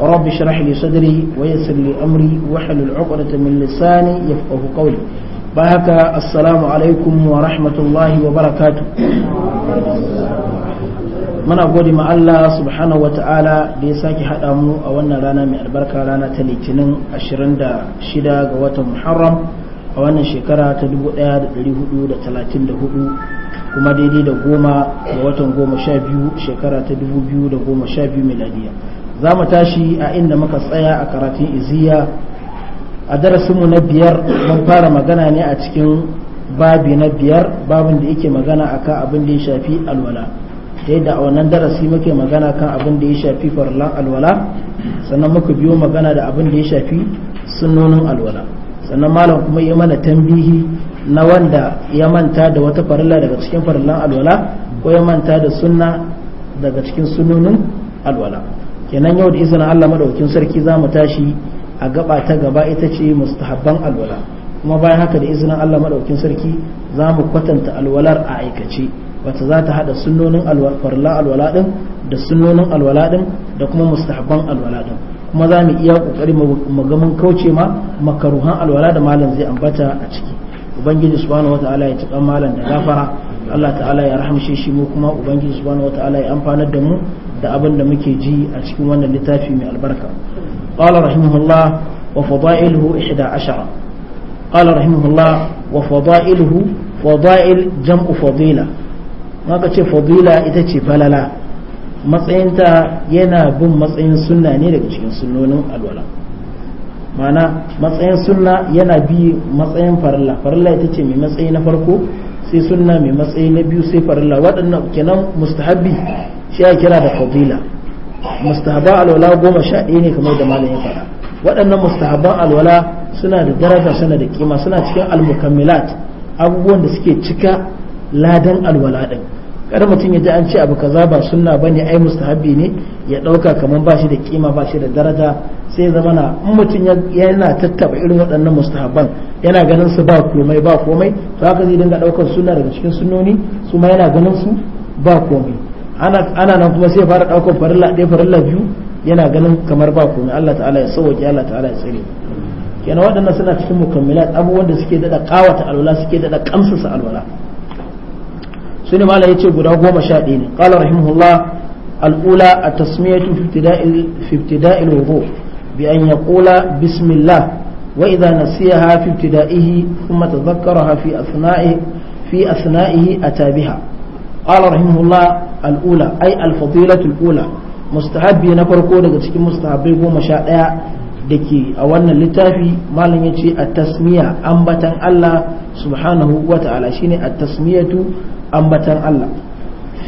رب اشرح لي صدري ويسر لي أمري واحلل عقدة من لساني يفقه قولي بهك السلام عليكم ورحمة الله وبركاته muna gode ma Allah subhanahu wa ta'ala da ya sake haɗa mu a wannan rana mai albarka rana ta litinin 26 ga watan Muharram a wannan shekara ta 1434 kuma daidai da goma ga watan goma sha biyu shekara ta 2012 miladiya za mu tashi a inda muka tsaya a karatun iziya a darasinmu na biyar mun fara magana ne a cikin babi na biyar babin da yake magana a kan abin da ya shafi alwala ta yadda a wannan darasi muke magana kan abin da ya shafi farlan alwala sannan muka biyo magana da abin da ya shafi sunonin alwala sannan malam kuma ya mana tambihi na wanda ya manta da wata farilla daga cikin farillan alwala ko ya manta da sunna daga cikin sunonin alwala kenan yau da izinin Allah madaukakin sarki za mu tashi a gaba ta gaba ita ce mustahabban alwala kuma bayan haka da izinin Allah madaukakin sarki za mu kwatanta alwalar a aikace wata za ta hada sunnonin alwala alwala din da sunnonin alwala din da kuma mustahabban alwala din kuma za mu iya kokari mu ga mun kauce ma makaruhan alwala da malam zai ambata a ciki ubangiji subhanahu wataala ya ci malam da gafara Allah ta'ala ya rahamshe shi mu kuma ubangiji subhanahu wataala ya amfanar da mu da abin da muke ji a cikin wannan littafi mai albarka qala rahimahullah wa fadailuhu 11 qala rahimahullah wa fadailuhu fadail jam'u fadila maka ce fadila ita ce falala matsayinta yana bin matsayin sunna ne daga cikin sunnonin alwala mana matsayin sunna yana bi matsayin farilla farilla ita ce mai matsayi na farko sai sunna mai matsayi na biyu sai farilla waɗannan kenan mustahabbi shi ya kira da fadila mustahaba alwala goma sha ɗaya ne kamar da malam ya faɗa waɗannan mustahaban alwala suna da daraja suna da kima suna cikin almukammilat abubuwan da suke cika ladan alwala ɗin kada mutum ya ji an ce abu kaza ba sunna ba ne ai mustahabi ne ya ɗauka kamar ba shi da kima ba shi da daraja sai zama na in mutum yana tattaba irin waɗannan mustahaban yana ganin su ba komai ba komai to haka zai dinga ɗaukar sunna daga cikin sunnoni su ma yana ganin su ba komai ana nan kuma sai fara ɗaukar farilla ɗaya farilla biyu yana ganin kamar ba komai Allah ta'ala ya sauwaƙe Allah ta'ala ya tsire kenan waɗannan suna cikin mukammilat abubuwan da suke daɗa ƙawata alwala suke daɗa ƙamsasa alwala su ne malam ya ce guda goma sha ɗaya ne ƙala rahimahullah al'ula a tasmiyatu fiftida'il wudu bi an ya ƙula bismillah wa idza nasiyaha fi kuma thumma fi asna'ihi fi asna'ihi tabiha. قال رحمه الله الأولى أي الفضيلة الأولى mustahabbi na farko daga cikin mustahabbai goma sha ɗaya da ke a wannan littafi malam ya ce a tasmiya ambatan Allah subhanahu wa ta'ala shine a tasmiyatu ambatan Allah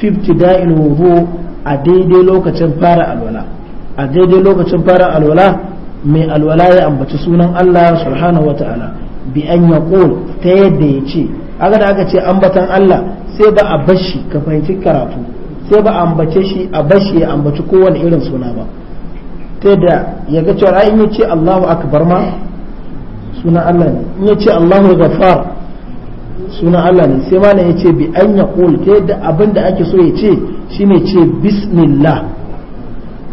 fifty da'il wudu a daidai lokacin fara alwala a daidai lokacin fara alwala mai alwala ya ambaci sunan Allah subhanahu wa ta'ala bi an yaqul ta yadda ya ce aga da aka ce ambatan Allah sai ba a bashi ka fahimci karatu sai ba a ambace shi a bashi ya ambaci kowane irin suna ba ta da ya ga cewa in ya ce Allahu akbar ma suna Allah ne in ya ce Allahu gafar suna Allah ne sai malam ya ce bi an ya kul ta yadda abin da ake so ya ce shine ce bismillah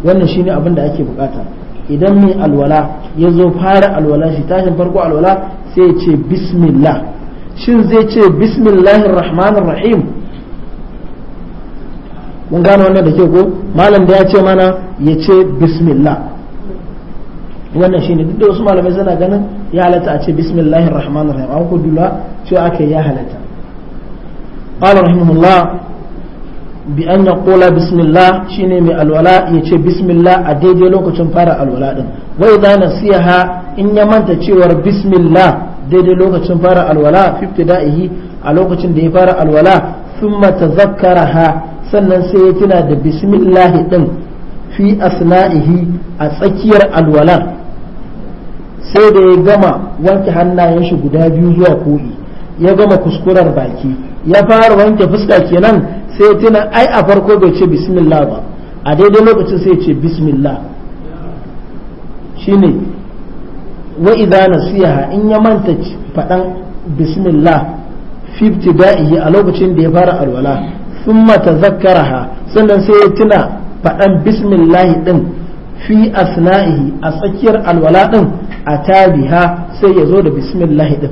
wannan shine abin da ake bukata idan mai alwala ya zo fara alwala shi tashin farko alwala sai ya ce bismillah shin zai ce bismillahir rahmanir rahim mun gano wannan da ke ko malam da ya ce mana ya ce bismillah wannan shine duk da wasu malamai suna ganin ya halata a ce bismillahir rahmanir rahim an ku dula cewa aka ya halatta qala rahimahullah bi an yaqula bismillah shine mai alwala ya ce bismillah a daidai lokacin fara alwala din wai da nasiha in ya manta cewar bismillah daidai lokacin fara alwala fifti da'ihi a lokacin da ya fara alwala thumma tazakkaraha sannan sai ya tuna da bismillah ɗin fi asna'ihi a tsakiyar alwalar sai da ya gama wanke hannayen shi guda biyu zuwa ko'i ya gama kuskurar baki ya fara wanke fuska kenan sai ya tuna ai a farko bai ce bismillah ba a daidai lokacin sai ya ce bismillah shine wa idza nasiha in ya manta fadan bismillah fi ibtida'ihi a lokacin da ya fara alwala thumma tazakkaraha sannan sai ya tuna fadan bismillah din fi asna'ihi a tsakiyar alwala din a tabiha sai ya zo da bismillah din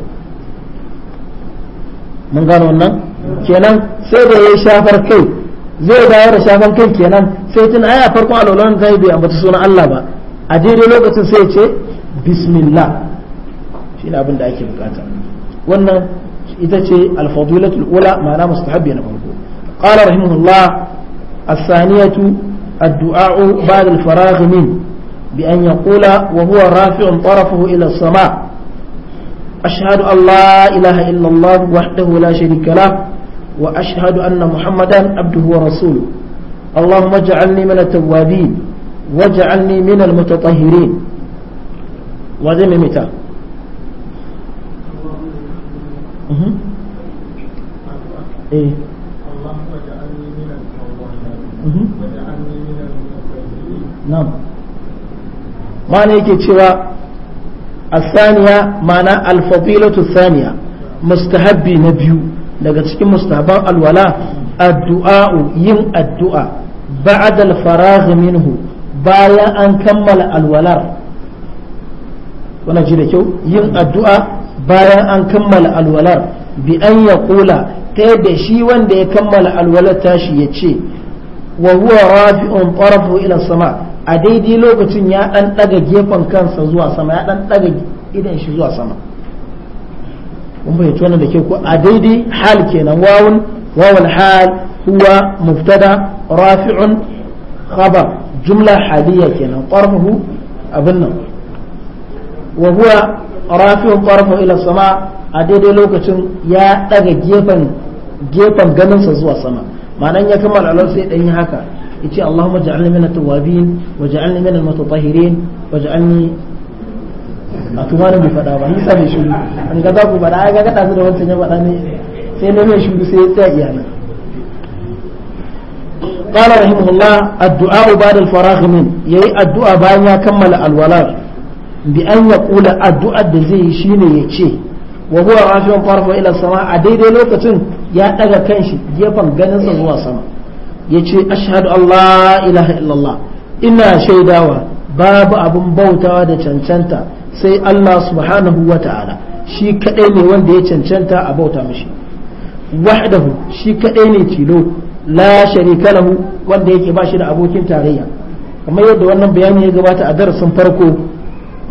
mun gano wannan kenan sai da ya shafar kai zai dawo da shafar kai kenan sai tuna ai a farkon alwalan zai bai ambata sunan Allah ba a daidai lokacin sai ya ce bismillah shi ne abin da ake bukata wannan ita ce alfadilatul ula ma'ana mustahabbi na farko قال رحمه الله الثانية الدعاء بعد الفراغ منه بأن يقول وهو رافع طرفه إلى السماء أشهد أن لا إله إلا الله وحده لا شريك له وأشهد أن محمدا عبده ورسوله اللهم اجعلني من التوابين واجعلني من المتطهرين wa zai mimita ma'ana mhm. eh. mhm. yake cewa a saniya ma'ana alfabilatu saniya mustahabbi na biyu daga cikin mustahaban alwala addu'a'u yin addu'a ba'ad al-faragh minhu bayan an kammala alwalar wannan ji da kyau yin addu'a bayan an kammala alwalar bi an ya kula ta yadda shi wanda ya kammala alwalar tashi ya ce wa huwa rafi'un tarafu ila sama a daidai lokacin ya dan daga gefen kansa zuwa sama ya dan daga idan shi zuwa sama kun bai tona da kyau ko a daidai hal kenan wawun wawul hal huwa mubtada rafi'un khabar jumla haliya kenan tarfuhu abin nan wa huwa rafi'un tarfu ila sama a daidai lokacin ya daga gefen gefen ganinsa zuwa sama ma'anan ya kammala alwala sai dan yi haka yace Allahumma ja'alni min at-tawwabin waj'alni min al-mutatahhirin waj'alni a tumanin bai faɗa ba nisa mai shuru an ga za ku faɗa ga gaɗa su da wancan ya faɗa ne sai na mai shuru sai ya tsaya iyana قال رحمه الله الدعاء بعد الفراغ من يي الدعاء بان يكمل الولاد bi an ya kula addu'ar da zai yi shine ya ce wa huwa rafi'un farfa ila sama a daidai lokacin ya daga kanshi gefen ganinsa zuwa sama ya ce ashhadu allah ilaha illallah ina shaidawa babu abin bautawa da cancanta sai Allah subhanahu wa ta'ala shi kadai ne wanda ya cancanta a bauta mashi wahdahu shi kadai ne tilo la sharika lahu wanda yake ba shi da abokin tarayya kamar yadda wannan bayani ya gabata a darasin farko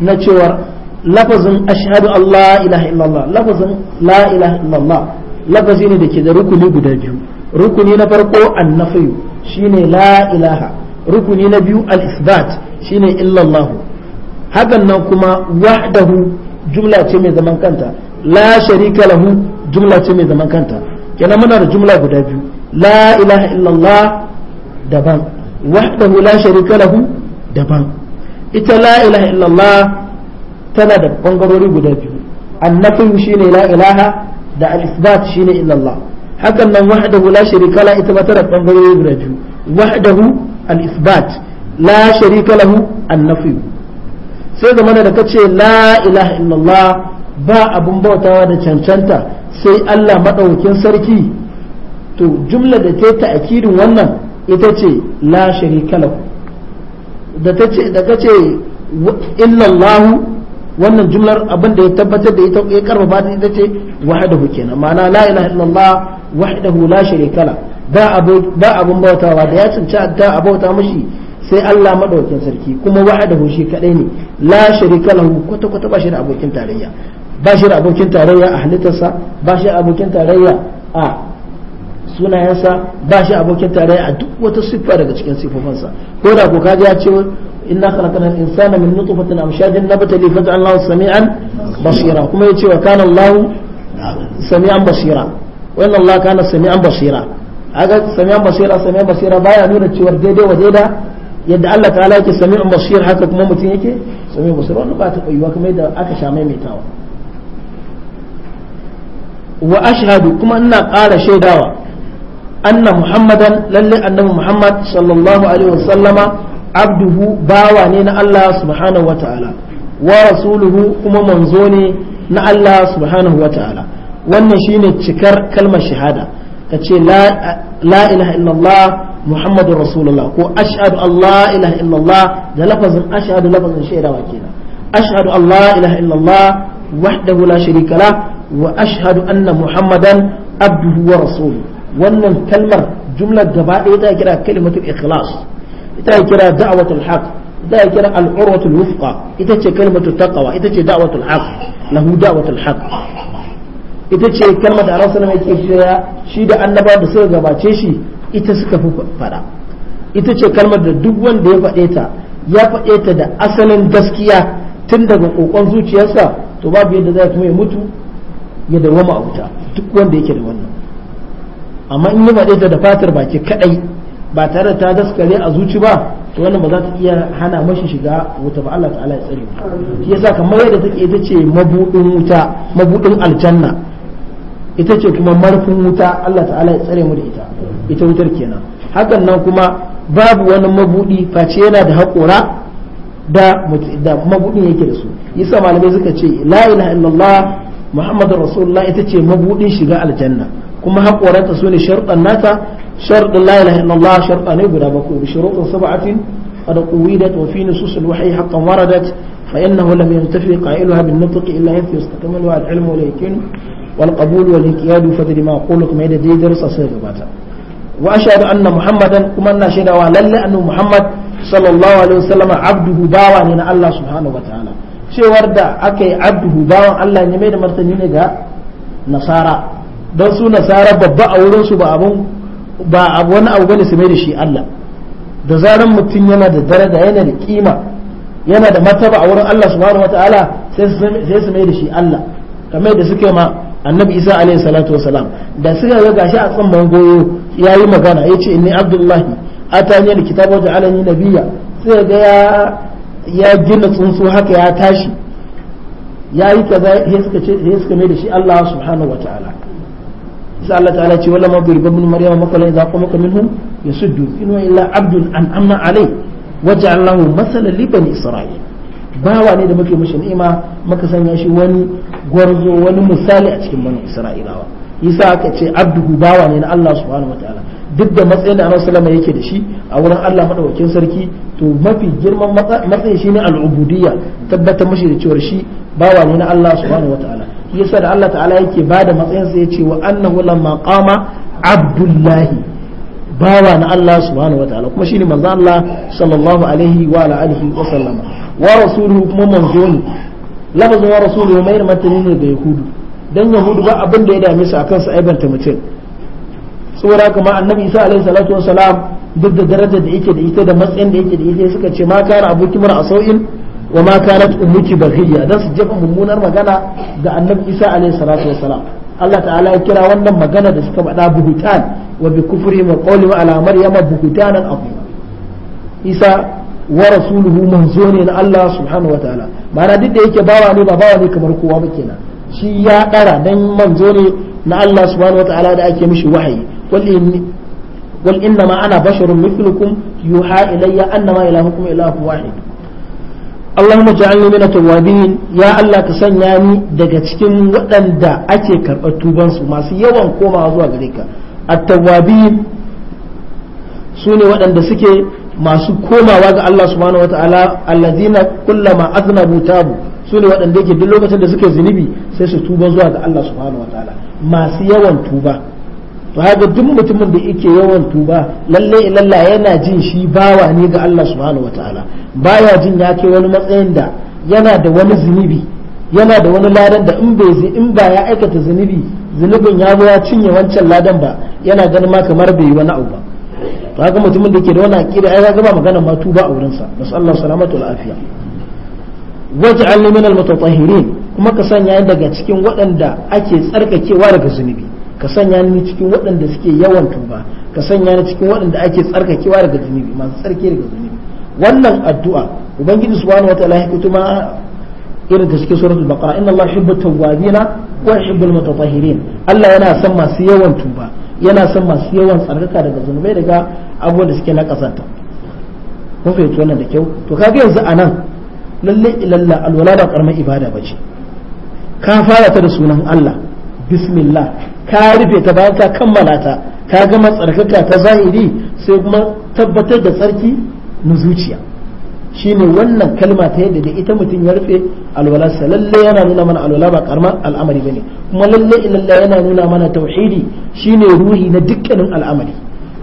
na cewar lafazin ashhadu Allah ilaha illallah lafazin la ilaha illallah lafazi ne da ke da rukuni guda biyu rukuni na farko annafiyu shine la ilaha rukuni na biyu al-isbat shine illallah hakan nan kuma wahdahu jumla ce mai zaman kanta la sharika lahu jumla ce mai zaman kanta kenan muna da jumla guda biyu la ilaha illallah daban wahdahu la sharika lahu daban ita la ilaha illallah tana da bangarori guda biyu shi ne la ilaha da al-isbat shine illallah hakan nan wahdahu la sharika la ita ma tana da bangarori guda biyu wahdahu al-isbat la sharika lahu annafi sai ga mana da kace la ilaha illallah ba abun bautawa da cancanta sai Allah madaukakin sarki to jumla da ta ta'kidin wannan ita ce la sharika lahu da ta ce ka ce illallahu wannan jumlar abin da ya tabbatar da ita ya karfafa ta ita ce wahdahu kenan ma'ana la ilaha illallah wahdahu la sharika la ba abin bautawa da ya cinci da bauta mashi sai Allah madaukakin sarki kuma wahdahu shi kadai ne la sharika lahu kwata kwata ba shi da abokin tarayya ba shi da abokin tarayya a halittarsa ba shi da abokin tarayya a sunayensa ba shi abokin tare a duk wata siffa daga cikin siffofinsa ko da ko kaji ya ce inna khalaqna al-insana min nutfatin amshajin nabtali faj'alnahu sami'an basira kuma yace wa kana Allahu sami'an basira wa inna Allah kana sami'an basira aga sami'an basira sami'an basira baya nuna cewa daidai wa daida yadda Allah ta'ala yake sami'an basira haka kuma mutum yake sami'an basira wannan ba ta koyuwa kamar yadda aka sha maimaitawa wa ashhadu kuma ina ƙara shaidawa anna muhammadan lalle annabi muhammad sallallahu alaihi wasallama abduhu bawa ne na Allah subhanahu wa ta'ala wa rasuluhu kuma manzo ne na Allah subhanahu wa ta'ala wannan shine cikar kalmar shahada ka ce la ilaha illallah muhammadun rasulullah ko ashadu allah ilaha illallah da lafazin ashadu lafazin shaidawa kenan ashadu allah ilaha illallah wahdahu la sharika la wa ashadu anna muhammadan abduhu wa rasuluhu wannan kalmar jumlar gaba ɗaya ta kira kalimatul ikhlas ita kira da'watul haq ita kira al-urwatul wufqa ita ce kalimatul taqwa ita ce da'watul haq lahu da'watul haq ita ce kalmar da rasul yake cewa shi da annaba da suka gabace shi ita suka fi fada ita ce kalmar da duk wanda ya faɗe ta ya faɗe ta da asalin gaskiya tun daga kokon zuciyarsa to babu yadda zai kuma ya mutu ya dawama a wuta duk wanda yake da wannan amma in yi faɗe ta da fatar baki kaɗai ba tare da ta daskare a zuci ba to wannan ba za ta iya hana mashi shiga wuta ba Allah ta'ala ya tsare shi yasa kamar yadda take ita ce mabudin wuta mabudin aljanna ita ce kuma marfin wuta Allah ta'ala ya tsare mu da ita ita wutar kenan hakan nan kuma babu wani mabudi face yana da haƙora da da mabudin yake da su yasa malamai suka ce la ilaha illallah muhammadur rasulullah ita ce mabudin shiga aljanna kuma haƙoranta su ne sharuɗan nata sharuɗin la ilaha illallah sharuɗa ne guda bakwai bi shuruɗin sab'atin qad quwidat wa fi nusus al-wahyi haqqan waradat fa innahu lam yantafi qailuha bin nutq illa yanfi yastaqbilu al-ilm wal yakin wal qabul wal iqyad fa ma qulu kuma da dai darsa sai gabata wa ashhadu anna muhammadan kuma ina shaidawa lalle annabi muhammad sallallahu alaihi wasallam abduhu bawa ne na Allah subhanahu wataala cewar da aka yi abduhu bawan Allah ne mai da martani ne ga nasara don su nasara babba a su ba abun ba abu wani abu bane su mai da shi Allah da zaran mutum yana da daraja yana da kima yana da mataba a wurin Allah subhanahu wataala sai su mai da shi Allah kamar da suke ma annabi Isa alaihi salatu wasalam da suka ga gashi a man goyo yayi magana ya ce inni abdullahi atani alkitaba wa alani nabiyya sai ga ya ya gina tsuntsu haka ya tashi ya yi kaza sai suka mai da shi Allah subhanahu wataala sai Allah ta'ala ce wala mabir ibn maryama makalan idza qamaka minhum yasuddu wa illa abdun an'amna alai waje allahu li bani isra'il bawa ne da muke mishi ni'ima muka sanya shi wani gwarzo wani misali a cikin bani isra'ilawa yasa aka ce abduhu bawa ne na Allah subhanahu wataala duk da matsayin da Annabi sallama yake da shi a wurin Allah madaukakin sarki to mafi girman matsayin shine al'ubudiyya tabbatar mishi da cewa shi bawa ne na Allah subhanahu wataala yasa da Allah ta'ala yake ba da matsayin sa yace wa annahu lamma qama abdullahi bawa na Allah subhanahu wa ta'ala kuma shine manzo Allah sallallahu alaihi wa ala alihi wa sallama wa rasuluhu kuma manzo ne lafazin wa rasuluhu mai martani ne ga yahudu dan yahudu ba abin da ya dame su akan su aibanta mutum saboda kuma annabi isa alaihi salatu wa salam duk da darajar da yake da ita da matsayin da yake da ita suka ce ma kana abokin mara asau'in wa ma kanat ummuki baghiya dan su jefa mummunar magana ga annabi Isa alaihi salatu wassalam Allah ta'ala ya kira wannan magana da suka faɗa buhutan wa bi kufri wa qawli wa ala maryama buhutanan azima Isa wa rasuluhu manzo ne na subhanahu wa ta'ala ma'ana duk yake bawa ne ba bawa ne kamar kowa ba kenan shi ya dara dan manzo ne na Allah subhanahu wa ta'ala da ake mishi wahayi qul inni qul innama ana basharun mithlukum yuha ilayya annama ilahukum ilahu wahid اللهم اجعلني من التوابين يا الله تسنياني daga cikin waɗanda ake karɓar tuban su masu yawan komawa zuwa gare ka at-tawabin sune waɗanda suke masu komawa ga Allah subhanahu wataala allazina kullama aznabu tabu sune waɗanda yake duk lokacin da suke zunubi sai su tuba zuwa ga Allah subhanahu wataala masu yawan tuba to haka duk mutumin da yake yawan tuba lalle ilalla yana jin shi bawa ne ga Allah subhanahu wataala baya jin ya kai wani matsayin da yana da wani zunubi yana da wani ladan da in bai in ba ya aikata zunubi zunubin ya zo ya cinye wancan ladan ba yana ganin ma kamar bai yi wani abu ba to haka mutumin da ke da wani aqida ai ga ba magana ma tuba a wurin sa nasallahu salamatu wal afiya waj'alni min al-mutatahhirin kuma ka sanya daga cikin waɗanda ake tsarkakewa daga zunubi ka sanya ni cikin waɗanda suke yawan tuba ka sanya ni cikin waɗanda ake tsarkakewa daga zunubi masu tsarki daga zunubi wannan addu'a ubangiji subhanahu wataala ya fito ma irin da suke suratul baqara inna allaha yuhibbu tawwabina wa yuhibbul mutatahhirin Allah yana son masu yawan tuba yana son masu yawan tsarkaka daga zunubai daga abubuwan da suke na kasanta kun fahimci wannan da kyau to kaga yanzu anan lalle ilalla alwala da karamar ibada bace ka fara ta da sunan Allah bismillah ka rufe ta bayan ka kammala ta ka gama tsarkaka ta zahiri sai kuma tabbatar da tsarki na zuciya shine wannan kalma ta yadda da ita mutum ya rufe alwalarsa lalle yana nuna mana alwala ba karma al'amari bane kuma lalle ilalla yana nuna mana tauhidi shine ruhi na dukkanin al'amari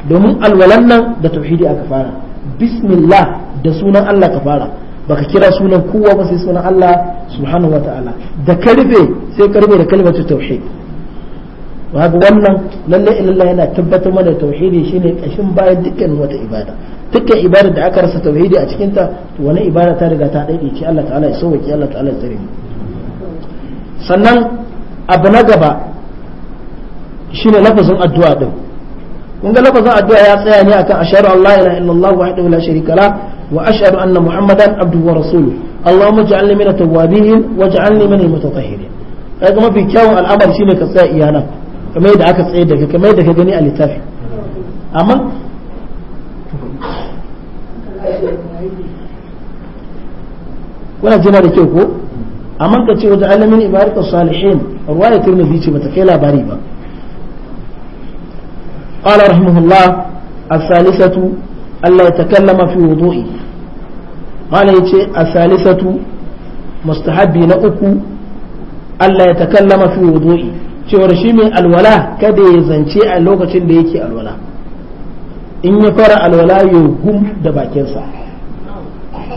domin alwalan nan da tauhidi aka fara bismillah da sunan Allah ka fara baka kira sunan kowa ba sai sunan Allah subhanahu wataala da ka rufe sai ka rufe da kalmar tauhid haka wannan lalle illallah yana tabbatar mana tauhidi shine kashin bayan dukkan wata ibada dukkan ibada da aka rasa tauhidi a cikin ta to wani ibada ta riga ta daide ce Allah ta'ala ya sauke Allah ta'ala ya tsare sannan abu na gaba shine lafazin addu'a din kun ga lafazin addu'a ya tsaya ne akan ashhadu an la ilaha illallah wahdahu la sharika la wa ashhadu anna muhammadan abduhu wa rasuluhu allahumma ij'alni min at-tawwabin waj'alni min al-mutatahhirin kaga mafi kyawun al'amari shine ka tsaya iyana kamar yadda aka tsaye daga kamar yadda ka gani a littafi amma kuna jina da kyau ko amma ka ce wajen alamin ibaratar salihin ruwaya turmizi ce bata kai labari ba قال رحمه الله الثالثة ألا يتكلم في وضوئه قال na الثالثة مستحب نأكو ألا يتكلم في وضوئه cewar shi mai alwala kada ya zance a lokacin da yake alwala in ya fara alwala ya gum da bakinsa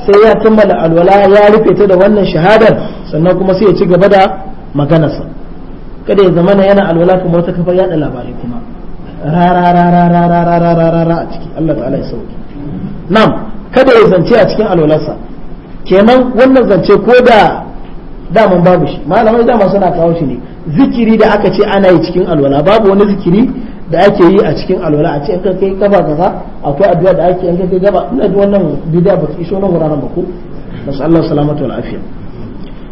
sai ya kammala alwala ya rufe ta da wannan shahadar sannan kuma sai ya ci gaba da maganarsa kada ya zamana yana alwala kuma wata kafar yada labarai kuma rararararararararara a ciki Allah ta'ala ya sauki nam kada ya zance a cikin alwalarsa kenan wannan zance ko da daman babu shi malamai dama suna kawo shi ne zikiri da aka ce ana yi cikin alwala babu wani zikiri da ake yi a cikin alwala a ce kai kafa kaza akwai addu'a da ake yanka kai gaba ina ji wannan bid'a ba ki iso nan wuraren ba ko masallan salamatu wal afiya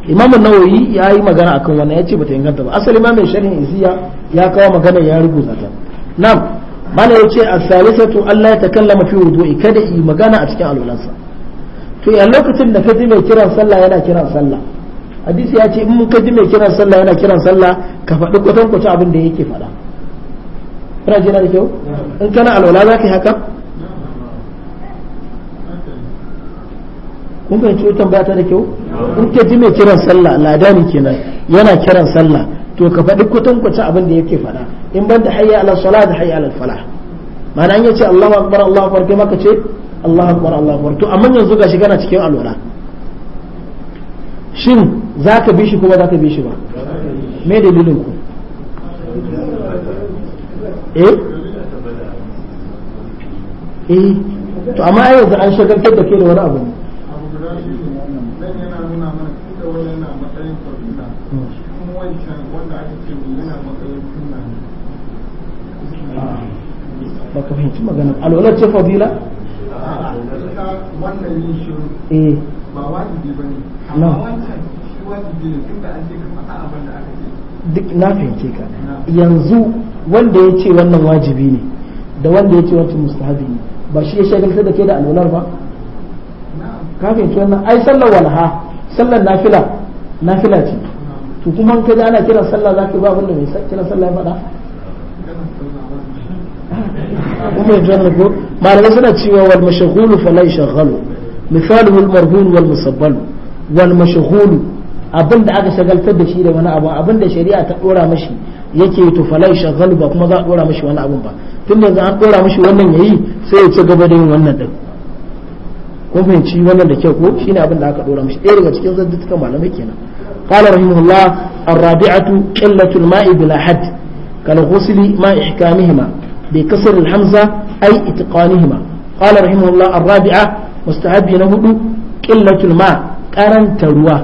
imamu nawawi ya yi magana akan wannan ya ce bata inganta ba asali ma mai sharhin iziya ya kawo magana ya rubuta ta nam mana ya ce as-salisatu Allah ya takallama fi wudu'i kada yi magana a cikin alwalansa to a lokacin da kaji mai kiran sallah yana kiran sallah hadisi ya ce in ka ji mai kiran sallah yana kiran sallah ka faɗi kwatan kwace abin da yake faɗa kana jina da kyau in kana alwala za ka yi haka kun fahimci wutan ba ta da kyau in ka ji mai kiran sallah ladani kenan yana kiran sallah to ka faɗi kwatan kwace abin da yake faɗa in ban da hayya ala salat da hayya ala falah ma'ana an yace Allahu akbar Allahu akbar kai maka ce Allahu akbar Allahu akbar to amma yanzu gashi kana cikin alwala shin za ka bi shi kuma za ka bi shi ba me dalilin ku eh eh to amma yanzu an shagaltar da ke da wani abu ne ba ka fahimci maganar alwalar ce fadila wannan yin shiru eh. ba wajibi ba ne amma wancan duk na fahimce ka yanzu wanda ya ce wannan wajibi ne da wanda ya ce wancan mustahabi ne ba shi ya shagaltar da ke da alwalar ba ka fahimci wannan ai sallar walha sallar nafila nafila ce to kuma ka ji ana kiran sallah zaka ba wanda mai kiran sallah ya faɗa kuma ya jana ko malamai suna cewa wal mashghulu fala yashghalu misaluhu al marhun wal musabbal wal mashghulu abin da aka shagaltar da shi da wani abu abin shari'a ta dora mashi yake to falai ba kuma za a dora mashi wani abin ba tun da an dora mashi ya yi sai ya ci gaba da yin wannan din fahimci wannan da kyau ko shine abin da aka dora mashi daga cikin zaddukan malamai kenan qala rahimahullah ar-rabi'atu qillatu al-ma'i bila hadd kal ghusli ma'i ihkamihima bi kasr al-hamza ay itqanihima qala rahimahullah ar-rabi'a mustahab na hudu qillatu al-ma' karanta ruwa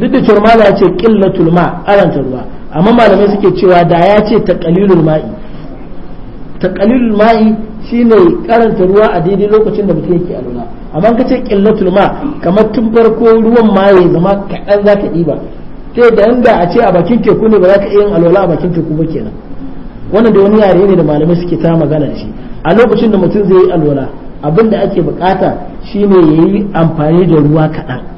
duk da cewa malama ce qillatul ma karanta ruwa amma malamai suke cewa da ya ce taqalilul ma'i taqalilul ma'i shine karanta ruwa a daidai lokacin da mutum yake alwala amma kace qillatul ma kamar tun farko ruwan ma ya zama kaɗan zaka ka ɗiba sai da inda a ce a bakin teku ne ba za ka iya yin alwala a bakin teku ba kenan wannan da wani yare ne da malamai suke ta magana da shi a lokacin da mutum zai yi alola abin da ake bukata shine yayi amfani da ruwa kaɗan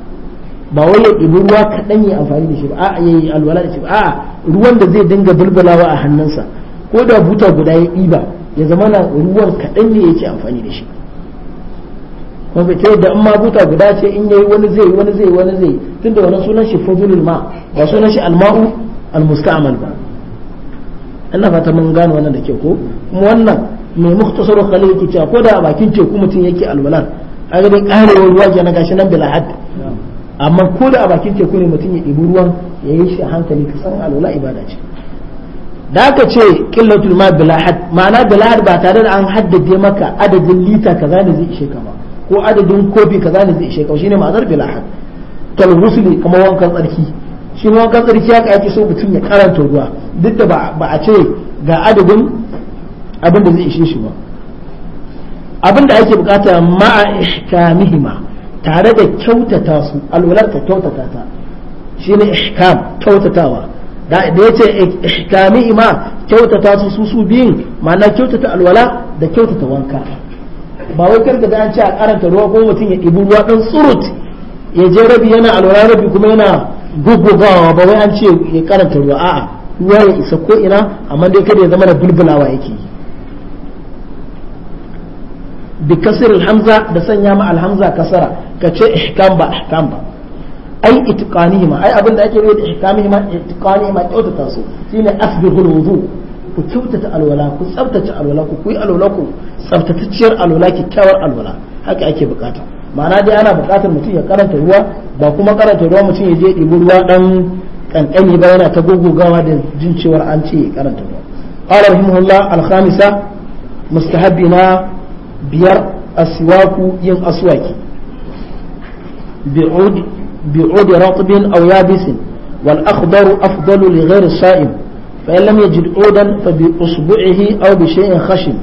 ba wai ya ɗibi ruwa kaɗan ya amfani da shi ba a'a ya yi alwala da shi ba a'a ruwan da zai dinga bulbulawa a hannunsa ko da buta guda ya ɗiba ya zama na ruwan kaɗan ne yake amfani da shi kuma bai da in ma buta guda ce in yayi wani zai wani zai wani zai tunda wani sunan shi fadlul ma ba sunan shi alma'u almusta'mal ba ina fata mun gano wannan da kyau ko kuma wannan mai mukhtasaru khalil yake cewa ko da a bakin teku mutum yake alwalar aga dai karewar ruwa ke na gashi nan bil amma ko da a bakin teku ne mutum ya ibi ruwan ya yi shi a hankali ka san alwala ibada ce da aka ce qillatul ma bila ma'ana bilahad ba tare da an haddade maka adadin lita kaza ne zai ishe ka ba ko adadin kofi kaza ne zai ishe ka shine ma'anar maazar had kal rusuli kamar wankan tsarki shi wankan tsarki haka ake so mutum ya karanta ruwa duk da ba a ce ga adadin abin da zai ishe shi ba abin da ake bukata ma'a ihkamihima tare da kyautata su alwalar ka kyautata ta ne ihkam kyautatawa da ya yace ihkami ima kyautata su su su biyun ma'ana kyautata alwala da kyautata wanka ba wai karka da an ce a karanta ruwa ko mutum ya ibu ruwa dan tsurut ya je rabi yana alwala rabi kuma yana guggugawa ba wai an ce ya karanta ruwa a'a ruwa ya isa ko ina amma dai kada ya zama da bulbulawa yake yi bi hamza da sanya ma alhamza kasara ka ce ihkam ba ihkam ba ai itqanihima ake nufi da ihkamihima itqanihima kyautata su shine asbihul wudu ku kyautata alwala ku tsaftace alwala ku kuyi alwala ku tsaftatacciyar alwala kyakkyawar alwala haka ake bukata ma'ana dai ana bukatar mutum ya karanta ruwa ba kuma karanta ruwa mutum ya je ɗibi ruwa dan kankani ba yana ta gogogawa da jin cewar an ce karanta ruwa qala بير أسواك ين أسواك بعود بعود رطب أو يابس والأخضر أفضل لغير الصائم فإن لم يجد عودا فبأصبعه أو بشيء خشن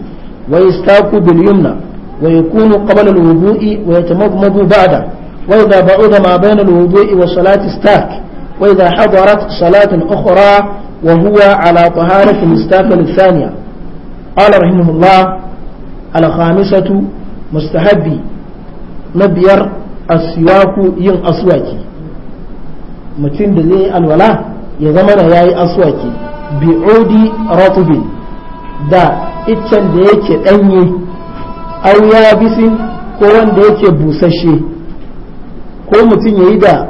ويستاك باليمنى ويكون قبل الوضوء ويتمضمض بعده وإذا بعد ما بين الوضوء وصلاة استاك وإذا حضرت صلاة أخرى وهو على طهارة المستاك الثانية قال رحمه الله alhamisatu mustahabbi na biyar aswaku yin aswaki mutum da zai alwala ya zama na yayi aswaki bi udi ratubin da iccen da yake ɗanye au ya bisin ko wanda yake busashe ko mutum yayi da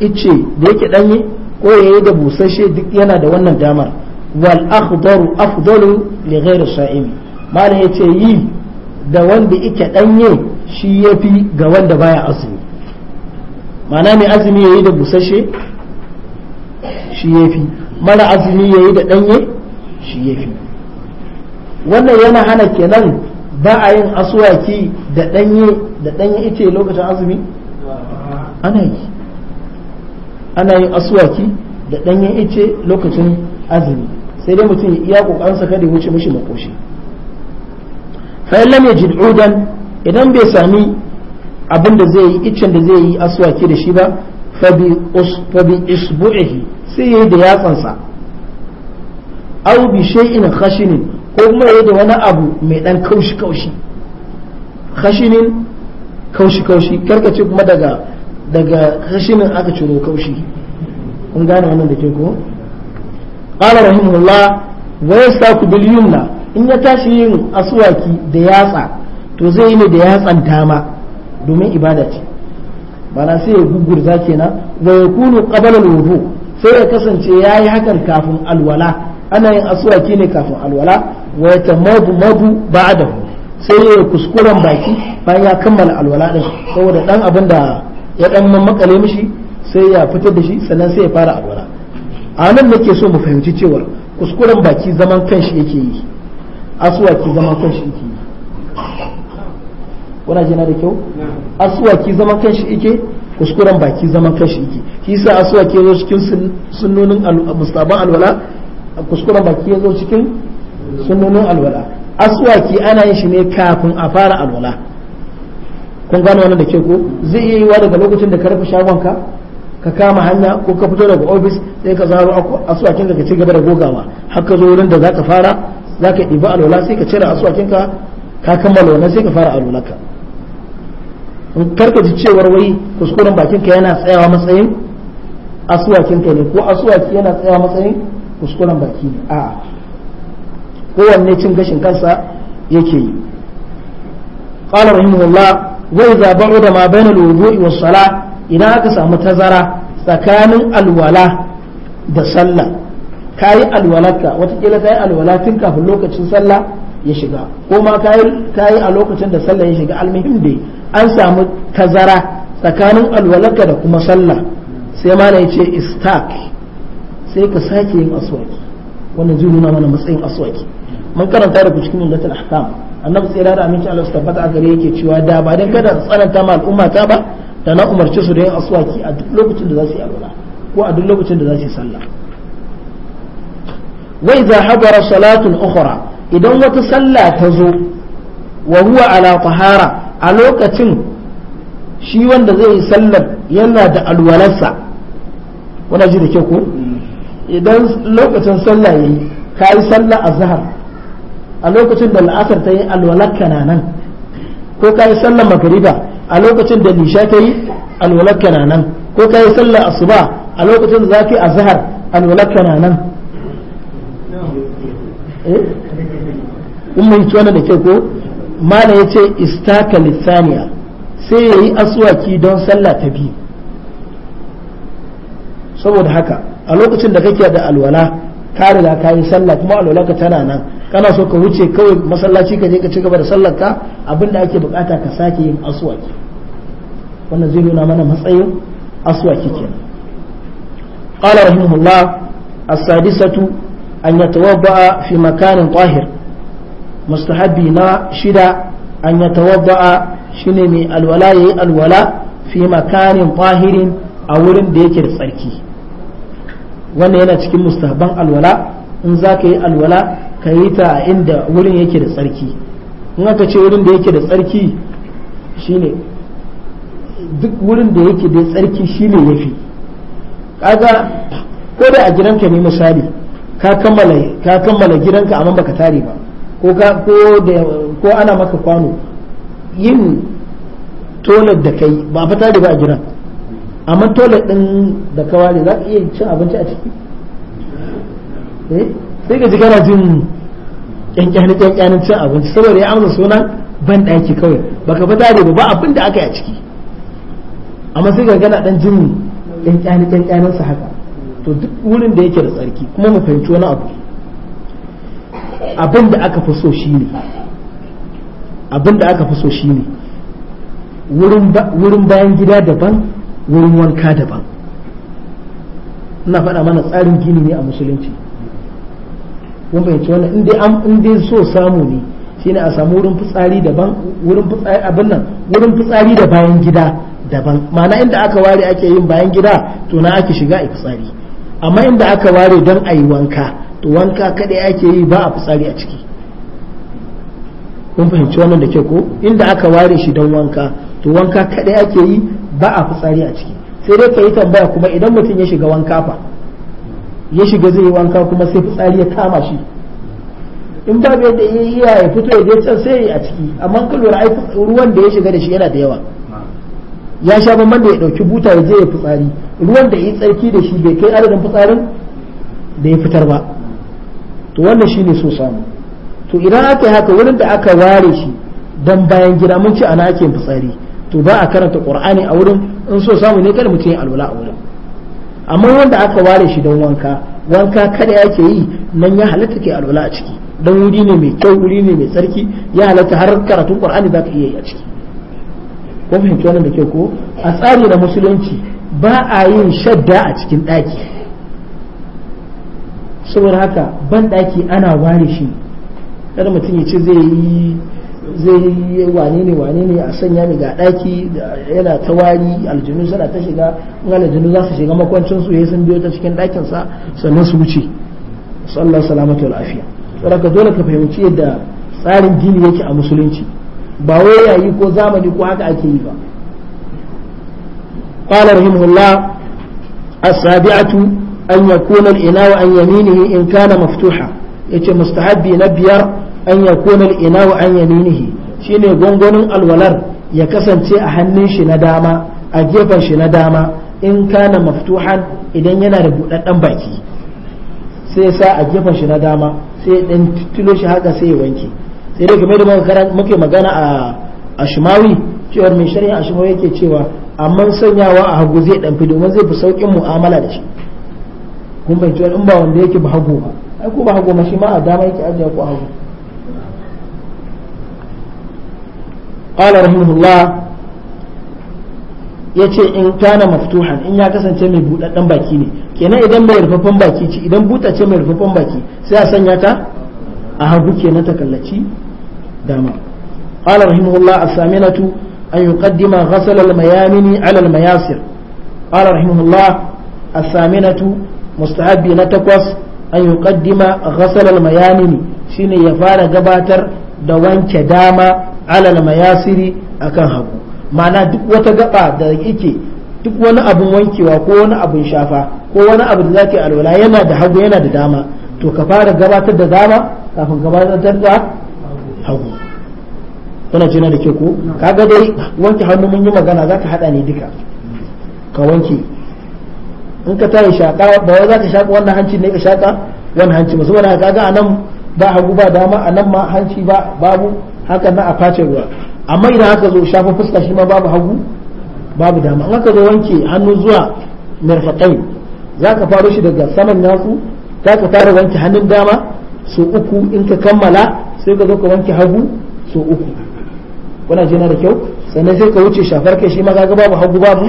icce da yake ɗanye ko yayi da busashe duk yana da wannan damar wal akhdaru afdalu li ghairi sa'imi malam ya ce yi da wanda ike ɗanye shi ya fi ga wanda baya azumi mana mai azumi ya yi da busashe shi ya fi mara azumi ya yi da ɗanye shi ya fi wannan yana hana kenan ba a yin asuwaki da ɗanye da ɗanye ita lokacin azumi ana yi ana yin asuwaki da ɗanye ice lokacin azumi sai dai mutum ya iya ƙoƙarinsa kada ya wuce mishi makoshi fa in lam yajid udan idan bai sami abin da zai yi iccen da zai yi aswaki da shi ba fa bi isbu'ihi sai yayi da yatsansa aw bi shay'in khashinin ko kuma yayi da wani abu mai dan kaushi kaushi khashinin kaushi kaushi karkace kuma daga daga khashinin aka ciro kaushi kun gane wannan da ke ko qala rahimahullah wa yasaku bil yumna in ya tashi yin asuwaki da yatsa to zai yi ne da yatsan dama domin ibada ce bana sai ya gugurza kenan wa ya kunu al-wudu sai ya kasance yayi hakan kafin alwala ana yin asuwaki ne kafin alwala wa ba'a madu ba'dahu sai ya kuskuren baki bayan ya kammala alwala din saboda dan abin da ya dan makale mishi sai ya fitar da shi sannan sai ya fara alwala a nan nake so mu fahimci cewa kuskuren baki zaman kan kanshi yake yi asuwaki zama kan shi yake jina da kyau asuwaki zama kan shi kuskuren baki zama kan shi yake shi yasa aswaki yazo cikin sunnonin mustaban alwala kuskuren baki yazo cikin sunnonin alwala aswaki ana yin shi ne kafin a fara alwala kun gano wannan da ke ko zai iya yiwa daga lokacin da ka rufe shagonka ka kama hanya ko ka fito daga ofis sai ka zaro da ka ci gaba da gogawa har ka zo wurin da za ka fara za ka ɗiba alola sai ka cire asuwakinka ka kammala wannan sai ka fara alolaka in karka ji cewar wai kuskuren bakinka yana tsayawa matsayin asuwakinka ne ko asuwaki yana tsayawa matsayin kuskuren baki ne a kowanne cin gashin kansa yake yi قال رحمه الله وإذا بعد ما بين الوضوء idan aka samu tazara tsakanin alwala da sallah ka yi alwalarka watakila ka yi alwala tun kafin lokacin sallah ya shiga ko ma ka yi a lokacin da sallah ya shiga almuhim dai an samu tazara tsakanin alwalarka da kuma sallah sai ma na ce istak sai ka sake yin aswaki wannan zai nuna mana matsayin aswaki mun karanta da ku cikin indatul ahkam annabi tsira da aminci Allah subhanahu a gare yake cewa da ba dan kada tsananta ma al'umma ta ba da na umarce su da yin aswaki a duk lokacin da za su yi alwala ko a duk lokacin da za su yi sallah wai za habara salatun ukhra idan wata sallah ta zo wa huwa ala tahara a lokacin shi wanda zai yi sallar yana da alwalarsa wani ji da kyau ko idan lokacin sallah yayi ka yi sallah azhar a lokacin da la'asar ta yi alwalarka na nan ko ka yi sallar magariba a lokacin da nisha ta yi alwalarka na nan ko ka yi sallar asuba a lokacin da za ka yi azhar alwalarka na nan in mun ci da ke ko Malam ya ce istaka lithaniya sai ya yi asuwaki don sallah ta biyu saboda haka a lokacin da kake da alwala ka riga ka yi sallah kuma alwala ka tana nan kana so ka wuce kawai masallaci ka je ka ci gaba da sallar ka abinda ake bukata ka sake yin aswaki wannan zai nuna mana matsayin aswaki kenan qala rahimahullah as-sadisatu أن yatawadda fi مكان طاهر mustahabbi na shida an yatawadda shine mai alwala yayi alwala fi makanin tahirin a wurin da yake da tsarki wannan yana cikin mustahabban alwala in za ka yi alwala ka yi ta a inda wurin da aka ce yake da tsarki shi duk wurin da shine yafi kaga ko da a gidanka ne misali ka kammala ka kammala gidanka amma baka tare ba ko ka ko da ko ana maka kwano yin tolar da kai ba fa tare ba a gidan amma tolar din da ka ware za ka iya cin abinci a ciki eh sai ka ji kana jin kyankyani kyankyani cin abinci saboda ya amsa sunan ban daki kawai baka fa tare ba ba abin da aka yi a ciki amma sai ka gana dan jin kyankyani kyankyani sa haka to duk wurin da yake da tsarki kuma mu fahimci wani abu abin da aka fi so ne abin da aka fi so shi ne wurin bayan gida daban wurin wanka daban ina faɗa mana tsarin gini ne a musulunci kun fahimci wani inda an dai so samu ne shine a samu wurin fitsari daban wurin fitsari abin nan wurin fitsari da bayan gida daban ma'ana inda aka ware ake yin bayan gida to na ake shiga a fitsari amma inda aka ware don a yi wanka to wanka kaɗai ake yi ba a fitsari a ciki kun fahimci wannan da ke ko inda aka ware shi don wanka to wanka kaɗai ake yi ba a fitsari a ciki sai dai ka yi tambaya kuma idan mutum ya shiga wanka fa ya shiga zai yi wanka kuma sai fitsari ya kama shi in ba bai da iya ya fito ya je can sai ya yi a ciki amma ka ruwan da ya shiga da shi yana da yawa ya sha bamban da ya ɗauki buta ya je ya fitsari ruwan da ya tsarki da shi bai kai adadin fitsarin da ya fitar ba to wannan shine so samu to idan aka yi haka wurin da aka ware shi dan bayan gida mun ci ana ake fitsari to ba a karanta qur'ani a wurin in so samu ne kada mutum ya alwala a wurin amma wanda aka ware shi don wanka wanka kada yake yi nan ya halatta ke alwala a ciki dan wuri ne mai kyau wuri ne mai tsarki ya halatta har karatun qur'ani ka iya yi a ciki ko fahimci wannan da ke ko a tsari da musulunci ba a yin shadda a cikin ɗaki saboda haka ban ɗaki ana ware shi kada mutum ya ce zai yi zai yi wane ne wane ne a sanya ne ga ɗaki yana ta wari aljinu suna ta shiga in aljinu za su shiga makwancin su yayi sun biyo ta cikin ɗakin sa sannan su wuce sallallahu salamatu wal lafiya saboda dole ka fahimci yadda tsarin gini yake a musulunci ba wai yayi ko zamani ko haka ake yi ba qala rahimahullah as-sabi'atu an yakuna al wa an yaminihi in kana maftuha yace mustahabbi na biyar an yakuna al wa an yaminihi shine gongonin alwalar ya kasance a hannun shi na dama a gefen shi na dama in kana maftuhan idan yana da budadden baki sai sa a gefen shi na dama sai dan tilo shi haka sai ya wanke sai dai game da muke magana a ashmawi cewar mai shari'a ashmawi yake cewa amma sanyawa a hagu zai dan fi domin zai fi saukin mu'amala da shi kun bai cewa in ba wanda yake ba hagu ba ai ko ba hagu ma shi ma a dama yake ajiya ko hagu qala rahimahullah ya ce in kana maftuhan in ya kasance mai buɗaɗɗen baki ne kenan idan mai rufaffen baki ce idan buta ce mai rufaffen baki sai a sanya ta a hagu kenan ta kallaci dama qala rahimahullah asaminatu an yuqaddima ghasal al-mayamini ala al-mayasir qala rahimahullah asaminatu mustahabbi na takwas an yuqaddima ghasal al-mayamini shine ya fara gabatar da wanke dama ala al-mayasiri akan hagu ma'ana duk wata gaba da yake duk wani abu wankewa ko wani abun shafa ko wani abu da zaki alwala yana da hagu yana da dama to ka fara gabatar da dama kafin gabatar da hagu kuna na da ke ko kaga dai wanke hannu mun yi magana za ka haɗa ne duka ka wanke in ka tayi shaƙa ba wai za ka shaƙa wannan hanci ne ka shaƙa wannan hanci ba saboda kaga a nan ba hagu ba dama a nan ma hanci ba babu haka na a face ruwa amma idan haka zo shafa fuska shi ma babu hagu babu dama in aka zo wanke hannu zuwa mirfaƙai za ka faro shi daga saman nasu za ka fara wanke hannun dama so uku in ka kammala sai ka zo ka wanke hagu so uku kuna jina da kyau sannan sai ka wuce shafar kai shi ma ga babu hagu babu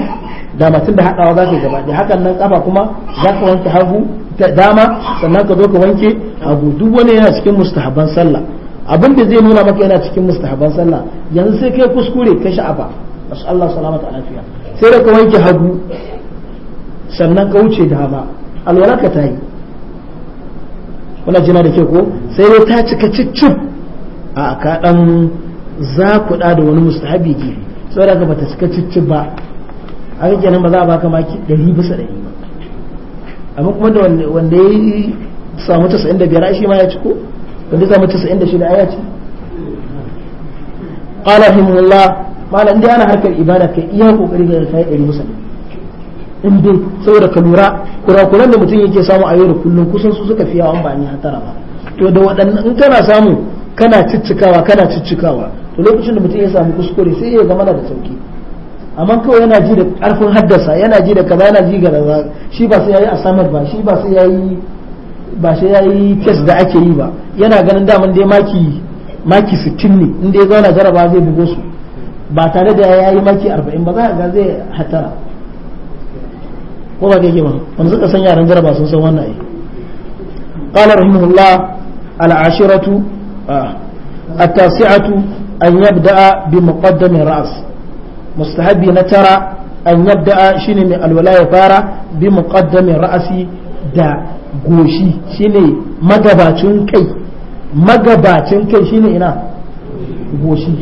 da tun da haɗawa za ka gaba da hakan nan kafa kuma za ka wanke hagu ta dama sannan ka zo ka wanke hagu duk wani yana cikin mustahaban sallah abin da zai nuna maka yana cikin mustahaban sallah yanzu sai kai kuskure ka sha'afa masu Allah salamata lafiya sai da ka wanke hagu sannan ka wuce dama alwala ka tayi yi kuna jina da ke ko sai dai ta cika ciccin a ka dan za ku da da wani mustahabi ke saboda ka bata cika ciccin ba a kake nan ba za a baka maki 100 bisa 100 ba amma kuma da wanda ya samu 95 shi ma ya ci ko wanda ya samu 96 ya ci qala rahimullah malan dai ana harkar ibada kai iya kokari da yi ɗari bisa 100 in dai saboda ka lura kurakuran da mutum yake samu a yau da kullum kusan su suka fi yawan ba hatara ba to da waɗannan in kana samu kana ciccikawa kana ciccikawa to lokacin da mutum ya samu kuskure sai ya zama da sauki amma kawai yana ji da ƙarfin haddasa yana ji da kaza yana ji ga shi ba sai yayi assignment ba shi ba sai yayi ba sai yayi test da ake yi ba yana ganin daman dai maki maki 60 ne in dai zauna jaraba zai bugo su ba tare da yayi maki 40 ba za ga zai hatara ko ba kake ba wanda suka san yaran jaraba sun san wannan ai qala rahimahullah al ashiratu التاسعة أن يبدأ بمقدم الرأس مستحب نترى أن يبدأ شنو fara bi muqaddami ra'si da goshi shine magabacin kai magabacin kai shine ina goshi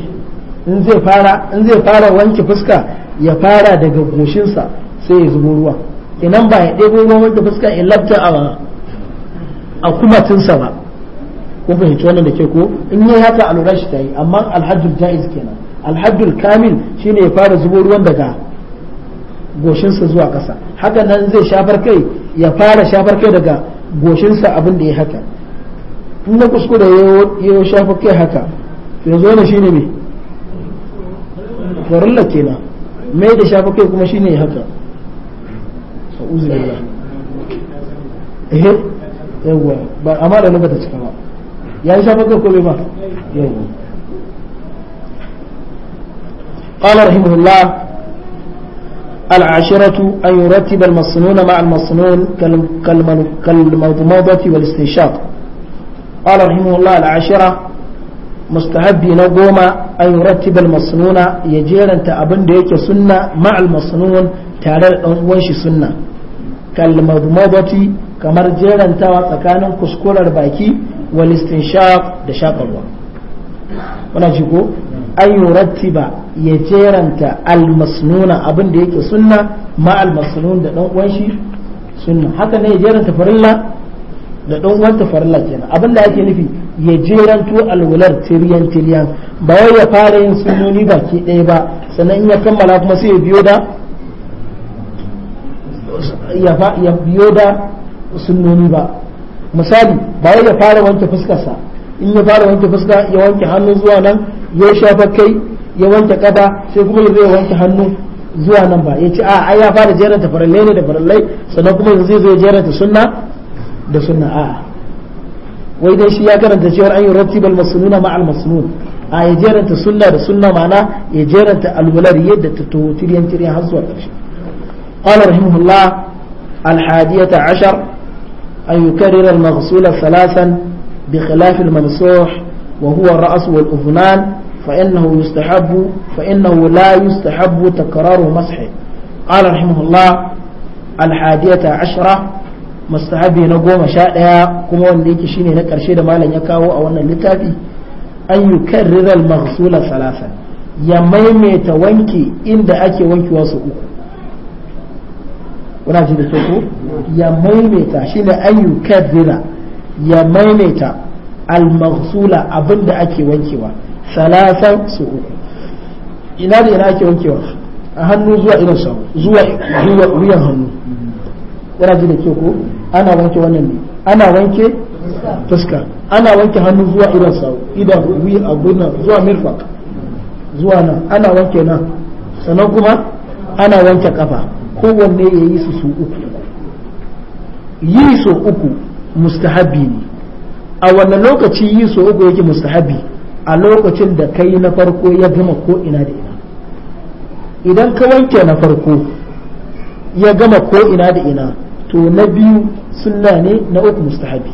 in zai fara wanke fuska ya fara daga goshinsa sai ya zubo ruwa inan ba ya ɗebo ruwan wanke fuska in labta a kumatinsa ba ko fahimci wannan da ke ko in yi haka alura shi ta yi amma alhajjul ja'iz kenan alhajjul kamil shine ya fara zubo ruwan daga goshinsa zuwa ƙasa haka nan zai shafar kai ya fara shafar kai daga goshinsa abin da ya haka in na kuskure ya shafar kai haka to yanzu wani shine me farilla kenan mai da shafar kai kuma shine ya haka إيه؟ يعني قال رحمه الله العاشرة أن يرتب المصنون مع المصنون كالمضمضة والاستنشاق قال رحمه الله العاشرة مستحب نقوم أن يرتب المصنون يجير أنت أبن ديك سنة مع المصنون tare da ɗan uwan shi sunna mabati kamar jerantawa tsakanin kuskurar baki wal istinshaq da shakarwa wannan ji ko an yurattiba ya jeranta almasnuna abin da yake sunna ma almasnun da ɗan uwan shi sunna haka ne ya jeranta farilla da ɗan ta farilla kenan abin da ake nufi ya jeranto alwalar tiriyan tiriyan ba wai ya fara yin sunnoni baki ɗaya ba sannan in ya kammala kuma sai ya biyo da ya biyo da sunnoni ba misali ba ya fara wanke fuskarsa in ya fara wanke fuska ya wanke hannu zuwa nan ya shafa kai ya wanke kafa sai kuma ya zai wanke hannu zuwa nan ba ya ce a ai ya fara jeranta farallai ne da farallai sannan kuma yanzu zai zo ya jeranta sunna da sunna a wai dai shi ya karanta cewa an yi rattibal masnuna ma al masnun a ya jeranta sunna da sunna ma'ana ya jeranta alwular yadda ta to tiryan tiryan har zuwa ƙarshe قال رحمه الله الحادية عشر أن يكرر المغسول ثلاثا بخلاف المنصوح وهو الرأس والأذنان فإنه يستحب فإنه لا يستحب تكرار مسحه قال رحمه الله الحادية عشرة مستحب نقوم شائعا كما وليك شيني نكر شيء ما لن يكاو أو أن اللتابي أن يكرر المغسول ثلاثا يميمي توانكي إن دعاكي وانكي واسو kuna ji da soko ya maimaita shi ne an kadira ya maimaita al-maghsula abinda ake wankewa salasan su uku ina da ina ake wankewa a hannu zuwa irin sau zuwa zuwa wuyan hannu kuna ji da soko ana wanke wannan ne ana wanke fuska ana wanke hannu zuwa irin sau idan wuyi abin nan zuwa mirfa zuwa nan ana wanke nan sannan kuma ana wanke kafa kowanne ya yi su su uku yi su uku mustahabi ne a wannan lokaci yi su uku yake mustahabi a lokacin da kai na farko ya gama ko ina da ina idan ka wanke na farko ya gama ko ina da ina to na biyu sunna ne na uku mustahabi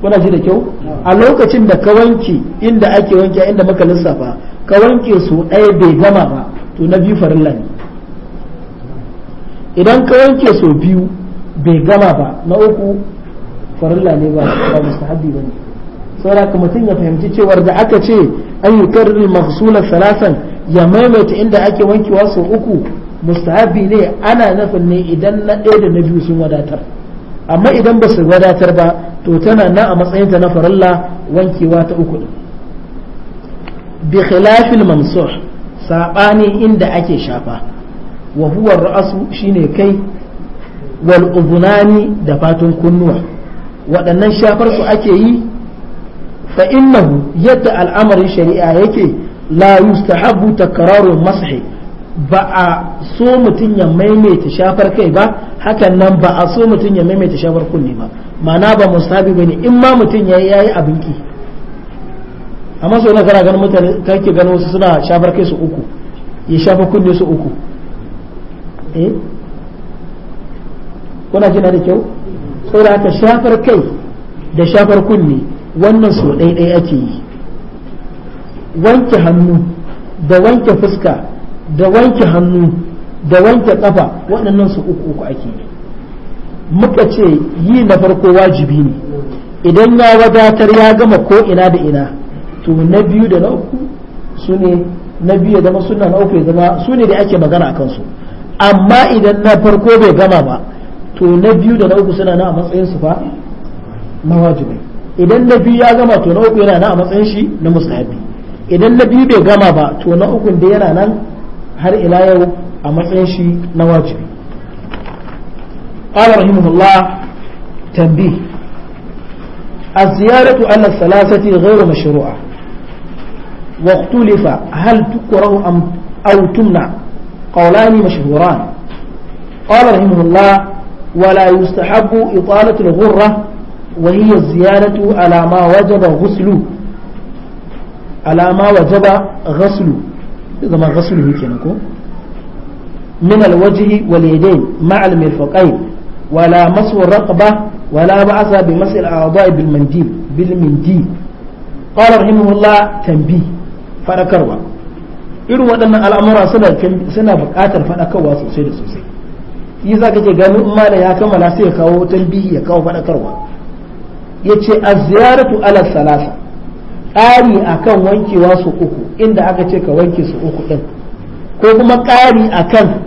kuna ji da kyau a lokacin da ka wanke inda ake wanke inda muka lissafa ka wanke su ɗaya bai gama ba to na biyu farilla ne idan ka wanke sau biyu bai gama ba na uku farilla ne ba ba mustahabbi bane saboda ka mutum ya fahimci cewar da aka ce an yi karri salasan ya maimaita inda ake wankewa sau uku mustahabbi ne ana nufin ne idan na ɗaya da na biyu sun wadatar amma idan ba su wadatar ba to tana na a matsayinta na farilla wankewa ta uku din bi khilafil mamsuh sabani inda ake shafa wa huwa ra'asu shine kai wal da fatun kunnuwa waɗannan shafar su ake yi fa innahu yadda al'amarin shari'a yake la yustahabbu takraru masahi ba a so mutum ya maimaita shafar kai ba hakan nan ba a so mutum ya maimaita shafar kunne ba ma'ana ba musabi bane in ma mutum ya yayi abinki amma sau na kana ganin mutane kake ganin wasu suna shafar kai su uku ya shafa kunne su uku Eh? kuna jina da kyau da aka shafar kai da shafar kunne wannan so ɗaiɗai ake yi wanke hannu da wanke fuska da wanke hannu da wanke ƙafa waɗannan su uku uku ake yi muka ce yi na farko wajibi ne idan ya wadatar ya gama ko ina da ina to na biyu da na uku su ne na biyu da zama suna na uku ya zama su ne da ake magana a kansu amma idan na farko bai gama ba to na biyu da na uku suna na a matsayin su fa na wajibi idan na biyu ya gama to na uku yana na a matsayin shi na mustahabi idan na biyu bai gama ba to na uku da yana nan har ila yau a matsayin shi na wajibi qala rahimahullah الله تنبيه الزيارة على الثلاثة غير مشروعة واختلف هل تكره أم أو تمنع قولان مشهوران قال رحمه الله ولا يستحب إطالة الغرة وهي الزيادة على ما وجب غسله على ما وجب غسله إذا ما غسله كنكو يعني من الوجه واليدين مع المرفقين ولا مس الرقبة ولا بأس بمس الأعضاء بالمنديل بالمنديل قال رحمه الله تنبيه فركروا irin waɗannan al'amura suna buƙatar faɗakarwa sosai da sosai yi za ka ce gano in malam ya kammala sai ya kawo tambihi ya kawo faɗakarwa ya ce a ziyaratu ala salasa ƙari a kan wankewa su uku inda aka ce ka wanke su uku ɗin ko kuma ƙari a kan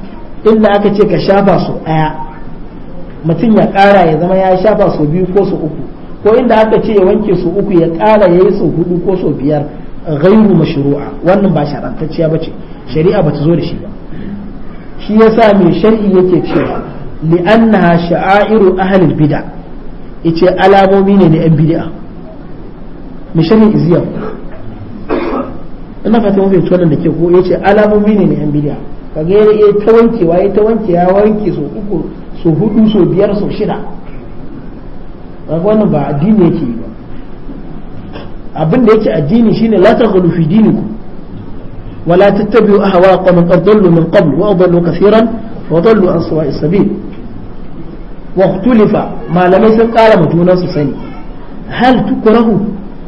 inda aka ce ka shafa su ɗaya mutum ya ƙara ya zama ya shafa su biyu ko su uku ko inda aka ce ya wanke su uku ya ƙara ya yi su hudu ko su biyar ghairu mashru'a wannan ba shar'antacciya bace shari'a bata zo da shi ba shi yasa mai shar'i yake cewa li'annaha sha'airu ahlil bid'a yace alamomi ne na yan bid'a mai shar'i iziya ina fata mun fahimci wannan da ke ko yace alamomi ne na yan bid'a kaga ya yi ta wankewa ya ta wanke ya wanke so uku so hudu so biyar so shida kaga wannan ba addini yake yi ba abinda yake addini shine la taghlu fi dinikum wa la tattabi'u ahwa qawmin qad dallu min qabl wa adallu kaseeran wa dallu an sawa'is sabil wa malamai sun ƙara mutunansu su sani hal tukurahu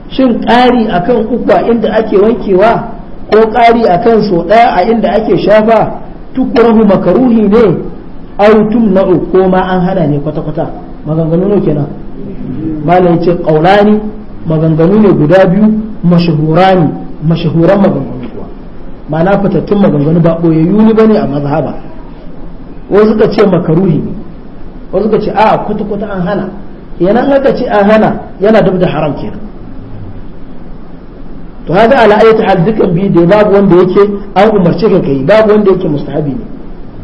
shin ƙari akan uku a inda ake wankewa ko ƙari akan so ɗaya a inda ake shafa tukrahu makaruhi ne aw tumna'u ko ma an haɗa ne kwata-kwata maganganu ne kenan malai ce qaulani maganganu ne guda biyu mashahurani mashahuran maganganu kuwa ma'ana fitattun maganganu ba ba ne a a mazhaba wasu suka ce makaruhi ne wasu suka ce a kwata kwata an hana yanan aka ce an hana yana duk da haram kenan to haka ala ayati hal dukan bi da babu wanda yake an umarce ka kai babu wanda yake mustahabi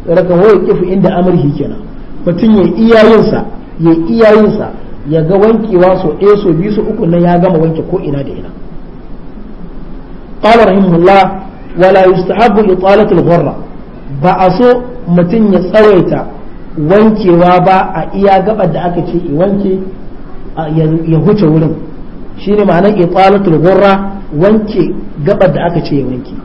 ne raka wai kifi inda amrihi kenan mutum ya iya yin ya iya ya ga wankewa so ɗaya so biyu so uku nan ya gama wanke ko ina da ina ƙawar rahimahullah wala yustahabbu italatu al-ghurra ba a so mutum ya tsawaita wankewa ba a iya gabar da aka ce wanke ya huce wurin shine ma'anar italatul ghurra wanke gabar da aka ce ya wanke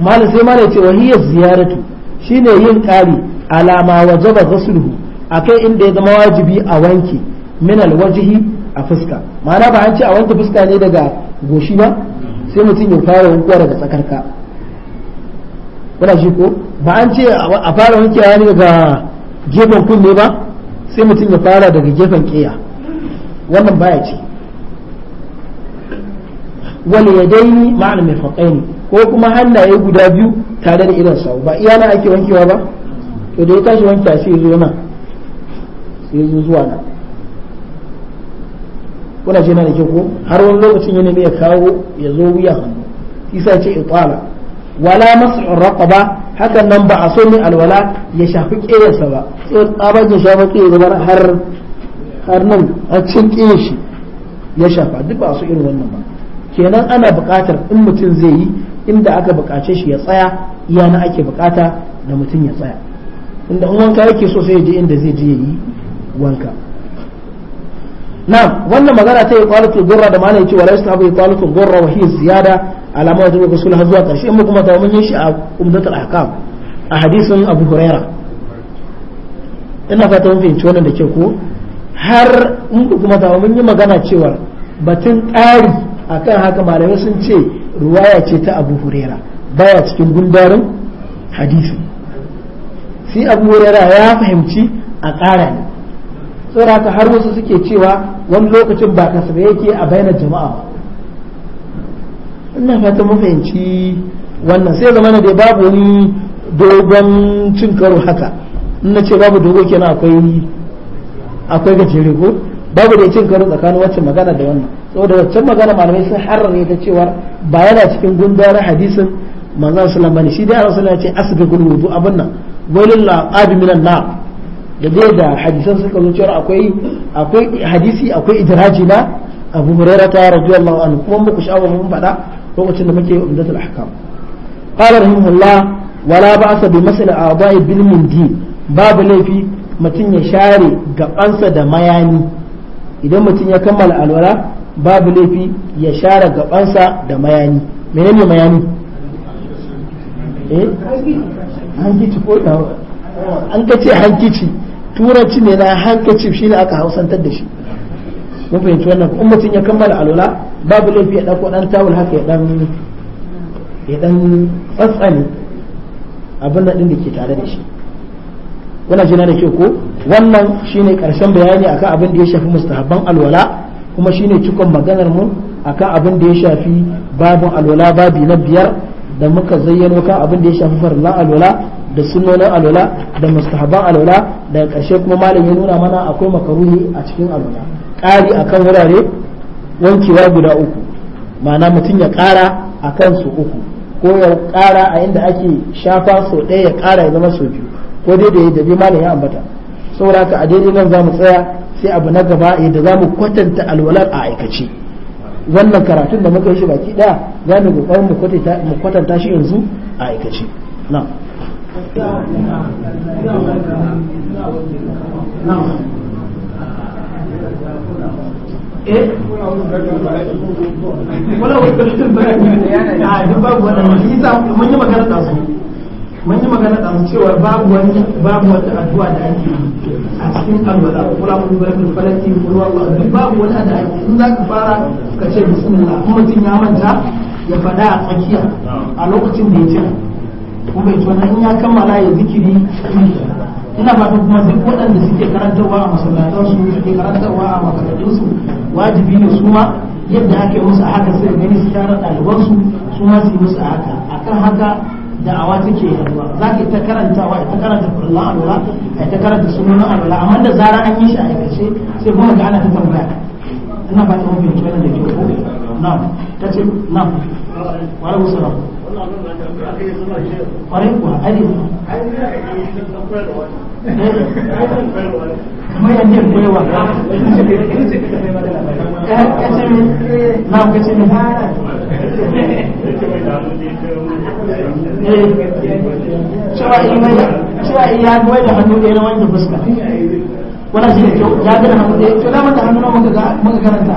malam sai malam ce wa ziyaratu shine yin kari alama wajaba ghusluhu akai inda ya zama wajibi a wanke min alwajhi a fuska ma'ana ba an ce a wanke fuska ne daga goshi ba sai mutum ya fara wankuwa daga tsakarka kuna shi ko ba an ce a fara wankewa ne daga gefen kunne ba sai mutum ya fara daga gefen keya wannan baya ce wal mai ma'al ne ko kuma hannaye guda biyu tare da irin sau ba iyana ake wankewa ba to da ya tashi wanke a sai zuwa nan sai zuwa nan kuna ce na da ko har wani lokacin ya nemi ya kawo ya zo wuya hannu isa ce itala wala mas'ur raqaba hakan nan ba a so ne alwala ya shafi kiyarsa ba sai tsaban ya shafi kiyarsa har har nan a cin shi ya shafa duk ba a so irin wannan ba kenan ana buƙatar in mutum zai yi inda aka buƙace shi ya tsaya iya na ake buƙata da mutum ya tsaya inda in wanka yake so sai ya je inda zai je ya yi wanka na'am wannan magana ta iqalatul gurra da malai cewa la yastahabu iqalatul gurra wa hiya ziyada ala ma wajibu rasul har zuwa karshe amma kuma ta mun yi shi a umdatul a hadisin abu huraira ina fata wani fahimci wani da ke ko har in kuma ta mun yi magana cewa batun ƙari akan haka malamai sun ce ruwaya ce ta abu huraira baya cikin gundarin hadisi sai abu huraira ya fahimci a ƙara saboda haka har wasu suke cewa wani lokacin ba kasabe yake a bainar jama'a ba ina fata mu fahimci wannan sai zama da babu wani dogon cin karo haka ina ce babu dogo kenan akwai akwai gajere ko babu da cin karo tsakanin wacce magana da wannan saboda wacce magana malamai sun harare ta cewa ba yana cikin gundarin hadisin manzon sallallahu alaihi wasallam shi dai Allah sallallahu alaihi wasallam ya ce asbigul wudu abunna walil laqabi minan na da dai da hadisan suka zo cewa akwai akwai hadisi akwai idraji na Abu Hurairah ta radiyallahu anhu kuma muku sha'awa mun faɗa lokacin da muke umdatul ahkam qala rahimahullah wala ba'sa bi masal a'dha'i bil mundi babu laifi mutum ya share gabansa da mayani idan mutum ya kammala alwala babu laifi ya share gabansa da mayani menene mayani eh hankici ko an ka hankici turanci ne na handkerchief shine aka hausantar da shi mun fahimci wannan in mutum ya kammala alola babu laifi ya ɗauko ɗan tawul haka ya ɗan ya ɗan tsatsani abin da ɗin da ke tare da shi wannan jina da ke ko wannan shine karshen bayani akan abin da ya shafi mustahabban alwala kuma shine cikon maganar mu akan abin da ya shafi babin alwala babi na biyar da muka zayyano kan abin da ya shafi farla alwala da sunnonin alwala da mustahaban alwala daga ƙarshe kuma malam ya nuna mana akwai makaruhi a cikin alola ƙari akan wurare wankewa guda uku ma'ana mutum ya ƙara akan su uku ko ya ƙara a inda ake shafa sau ɗaya ya ƙara ya zama so biyu ko dai da dabi malam ya ambata saboda haka a daidai nan za mu tsaya sai abu na gaba yadda za mu kwatanta alwalar a aikace wannan karatun da muka yi shi baki ɗaya za mu mu kwatanta shi yanzu a aikace eh wala wakilcin mun yi magana da su da cewa babu wani babu wata addu'a da ake a cikin alwala kula mun bar min falaki kula wa duk babu wani da ake in za ka fara ka ce bismillah kuma mutum ya manta ya faɗa a tsakiya a lokacin da ya ce ko bai tona in ya kammala ya zikiri ina ba kuma duk waɗanda suke karantarwa a masallatan su suke karantarwa a makarantun su wajibi ne su ma yadda ake musu a haka sai gani su tara ɗaliban su su ma su yi musu a haka akan haka da'awa take yaduwa za ka ta karantawa ta karanta furlan alwala ta karanta sunan alwala amma da zara an yi shi a aikace sai kuma ga ana ta tambaya ina ba mun bincike ne da ke ko na ta ce na wa alaikum salam kwarai kuwa ai kamar eh, na eh, cewa gwai da hannu ɗaya na wanda fuska wani shi kyau ya hannu ɗaya da hannu na muka karanta